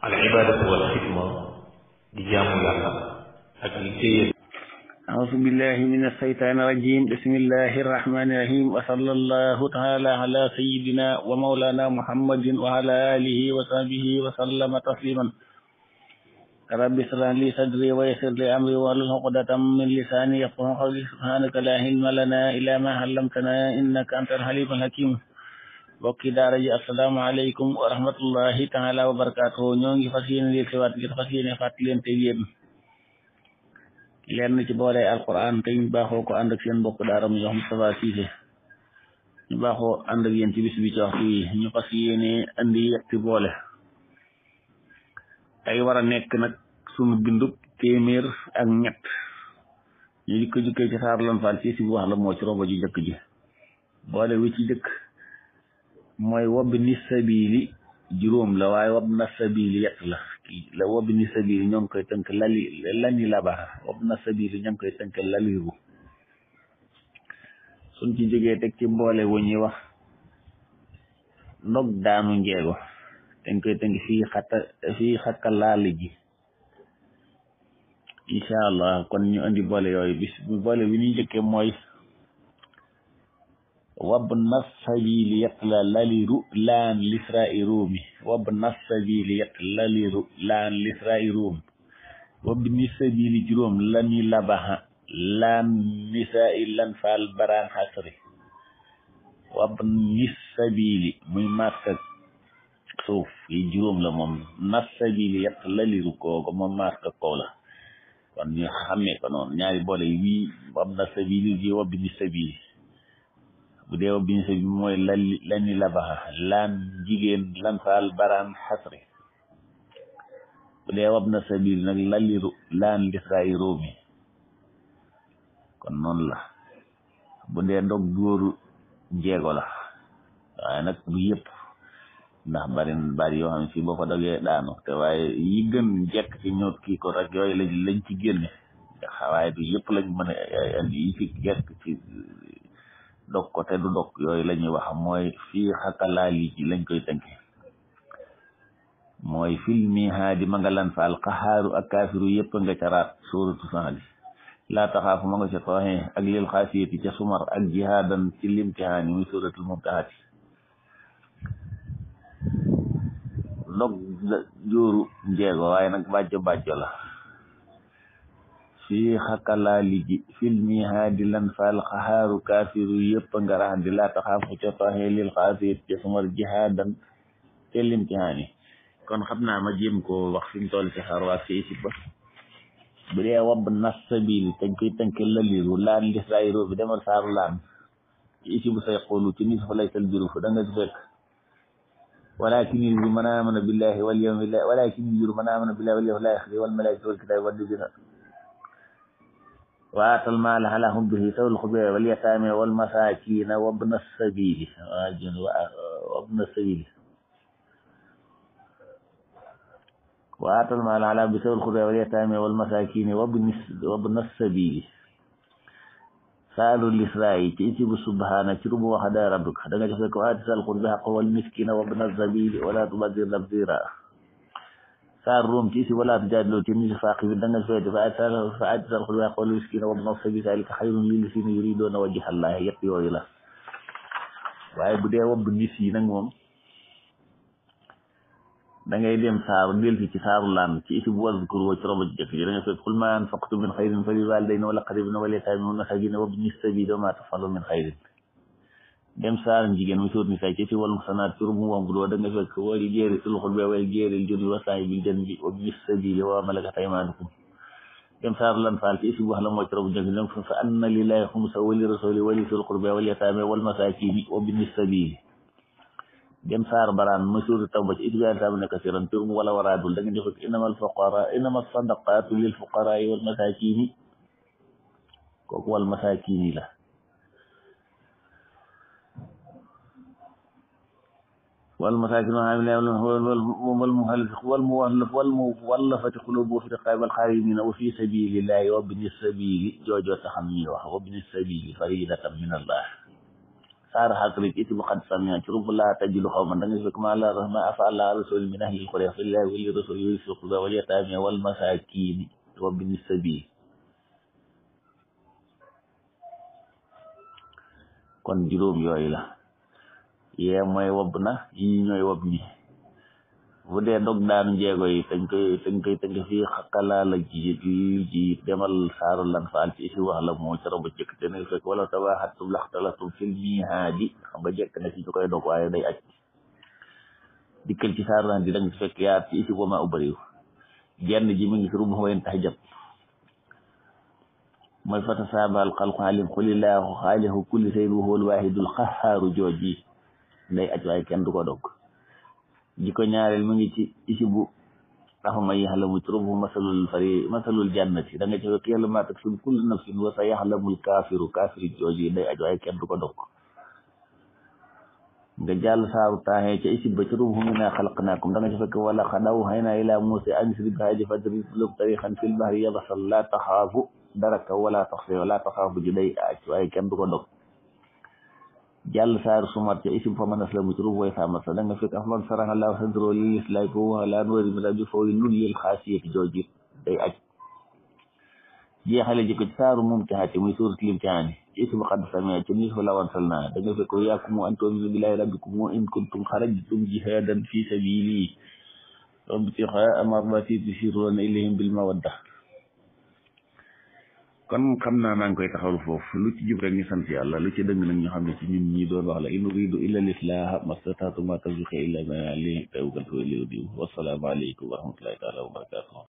al ibadatu wal xidma di jaamu yàlla ak liggéeyal أعوذ بالله من الشيطان الرجيم بسم الله الرحمن الرحيم وصلى الله تعالى على سيدنا ومولانا محمد وعلى آله وصحبه وسلم تسليما رب اشرح لي صدري ويسر لي أمري واحلل عقدة من لساني يفقهوا قولي سبحانك لا علم لنا إلا ما علمتنا إنك أنت الحليم الحكيم bokki daara ji asalaamaaleykum wa rahmatullahi taala wa barakaatu ñoo ngi fas yéene li siwaat ngir fas yéene fàttaliente yéen ci boole alquran te ñu ko ànd ak seen mbokk daara mu yox Moustapha Cissé ñu baaxoo ànd ak yéen ci bis boole tey war a nekk nag sunu bindub téeméer ak ñett moo ci robo ji boole wi jëkk mooy wabni sabili juróom la waaye wabna sabili yett la kii la wabni sabili ñoo ngi koy tënk lali lani labara wabna sabili ñoo ngi koy tënk laliru suñ ci jógee teg ci mboole wu ñuy wax ndog daanu njeego dañ koy tënk fii xata fii xakka laali ji incha allah kon ñu andi boole yooyu bis boole bi ñuy njëkkee mooy wabna sabili yatla laliru laan lisrai ruumi wabna sabili yatla laliru laan lisrai ruum wabni sabili juróom lani labaha laan nisai lan faal baraan xasri wabni sabili muy marka suuf yi juróom la moom nas sabili yatla laliru kooku moom marka kaw la kon ko noonu ñaari boole yi wabna sabili ji wabni sabili bu dee wa biñ bi mooy lani labaxa laan jigéen lanfaal baraan xasri bu dee wab na sabil nag lali kon noonu la bu dee dog góoru jeego la waaye nag bu yëpp ndax bari bari yoo xam ne boo ko dogee daanu te waaye yi gën jekk ci ñoot kiiko ko rek yooyu lañ lañ ci génne waaye du yëpp lañ mën a andi yi ci ci dog ko te du yooyu lañuy waxam mooy fii xakalaali ji lañ koy tënke mooy filmi haadi ma nga lan fa alqahaaru ak kaafiru yëpp nga ca raat suuratu saali laa taxaafu ma nga ca ak lil xaasiyati ca sumar ak jihaadan ci limtihaani muy suuratul mumtahaati dog jóoru njeego waaye nag bàjjo bàjjo la fii xakalaa ligi filmi ha di lan faal xaaru kaafiru yëpp a ngarax di laa taxaafu ca tooxee lil xaasir ci sumar jihaadan te limtihaani kon xam naa ma jéem ko wax fi mu toll ci xarwaat ci isib ba dee wab nas sabil dañ koy tënk laliru laan lisrairo bi demal saaru laan ci isibu say xoolu ci nis fa lay sal fu da nga ci fekk walakin il bi mën a amana billahi wal yawmi walakin il biru mën a amana billahi wal yawmi laaxiri wal malaikati wal kitabi wa atal maala ala hubbihi zawil qurba wal yataama wal masaakiina wa ibna sabiili wa ibna sabiili wa atal maala ala hubbihi zawil qurba wal yataama wal masaakiina wa ibna sabiili saalu lisraa'i ci isibu subhaana ci rubu waxda rabbik da nga joxe ko aati sal qurba xaqo wal miskiina wa ibna sabiili wala tubadir tabdiira kaar ruum ci si wala tujaadilu ci nisi faaqi da nga feete fa fa ajsal xul waa qawlu miskina wabna sabi zalika xayrun lillazina yuriduuna wajha llaah yëpp yooyu la waaye bu dee wabdu gis yi nag moom da ngay dem saaru delfi ci saaru laan ci isi bu wazkur woo ci roba ci jëf yi da nga feet xul maa anfaqtum min xayrin fa li waalidayni wal aqrabiina wal yataamaa wal masaakiina wabni sabiil wa maa taf'alu min xayrin dem saaran jigéen mu suut misaay ci fi wal muhsanaat ci ruum wam doo da nga fekk wali jeeri sul xurbe jeeri juri wa saahibil janbi wa bis sabili wa dem saar lan faal ci si wax la moo ci robu jëng dem fa anna wal yataame wal masakini wa bis sabili dem saar baraan mu suut tawba ci itibaan taam ne wala waraadul da nga fekk innamal fuqara innamas sadaqatu lil fuqara wal masakini wal masakini la والمساكين والعاملين والمؤلف والمؤلف والمؤلفة قلوبهم في الرقاب والغارمين وفي سبيل الله وابن السبيل joojoo tax ñuy wax وابن السبيل فريضة من الله saar xaqrib it bu xad samia ci rub laa tajilu xaw man da nga fekk ma la rahma afa allah rasul min ahli lqura fillahi wali rasul yooyu fi quba wal yataami wal masaakini wa bni sabil kon juróom yooyu la yee mooy wob na yii ñooy wob ni bu dee dog daanu jéego yi dañ koy dañ koy tënk fii xaqalaala ji ji demal saaru lan faal ci si wax la moo ca roba jëkk te wala tabaaxatum laxtalatum fil mihaadi xam nga jëkk na koy dog waaye day aj dikkal ci saaru lan di dang fekk yaar ci isi wama ubariw genn ji mu ngi suru ma wayen tax jab mooy fata saabal xalqu alim xulilaahu xaalihu kulli sayn waxool waahidul xahaaru jooji day aj kenn du ko dog jikko ñaareel mu ngi ci isi bu raxuma yaxlamu turubu masalul fari masalul jannati da nga ci fekk yàlla ma taksubu kullu nafsin wa sa yaxlamul kaafiru kaafiri jooju day aj kenn du ko dog nga jàll saaru taaxee ca isib ba ci ruubu minaa xalaqnaakum da nga ci fekk wala xadaw xëy naa ilaa muusa an isri bi haaji fadrib lak tarixan fil bahri yabasal laa taxaafu daraka wala taxse wala taxaafu ji day aj kenn du ko dog jàll saar su mat ca isim fa man aslama ci ruuf way xaamat sa da nga fekk afman saraxa laa sandroo lil islaam ko wax laa nuwari mi rabbi fooy lul lil xaasiyati jooju day aj jeexale jikko ci saaru mumtihati muy suuratul imtihaani ci ismu qad samia ci nisfu law anzalnaa da nga fekk yaakum an tu'minu billaahi rabbikum wa in kuntum xarajtum jihaadan fi sabiili ibtigaa'a mardaati tusirruuna ilayhim bil mawadda kon xam naa maa ngi koy taxawlu foofu lu ci jub rek ñu sant yàlla lu ci dëng nag ñu xam ne ci ñun ñi doon wax la in uridu illa lislaaha mastataatu ma tawfiqi illa billah li tawakkaltu wa ilayhi unib wassalaamu aleykum wa rahmatullahi taala wa barakatuh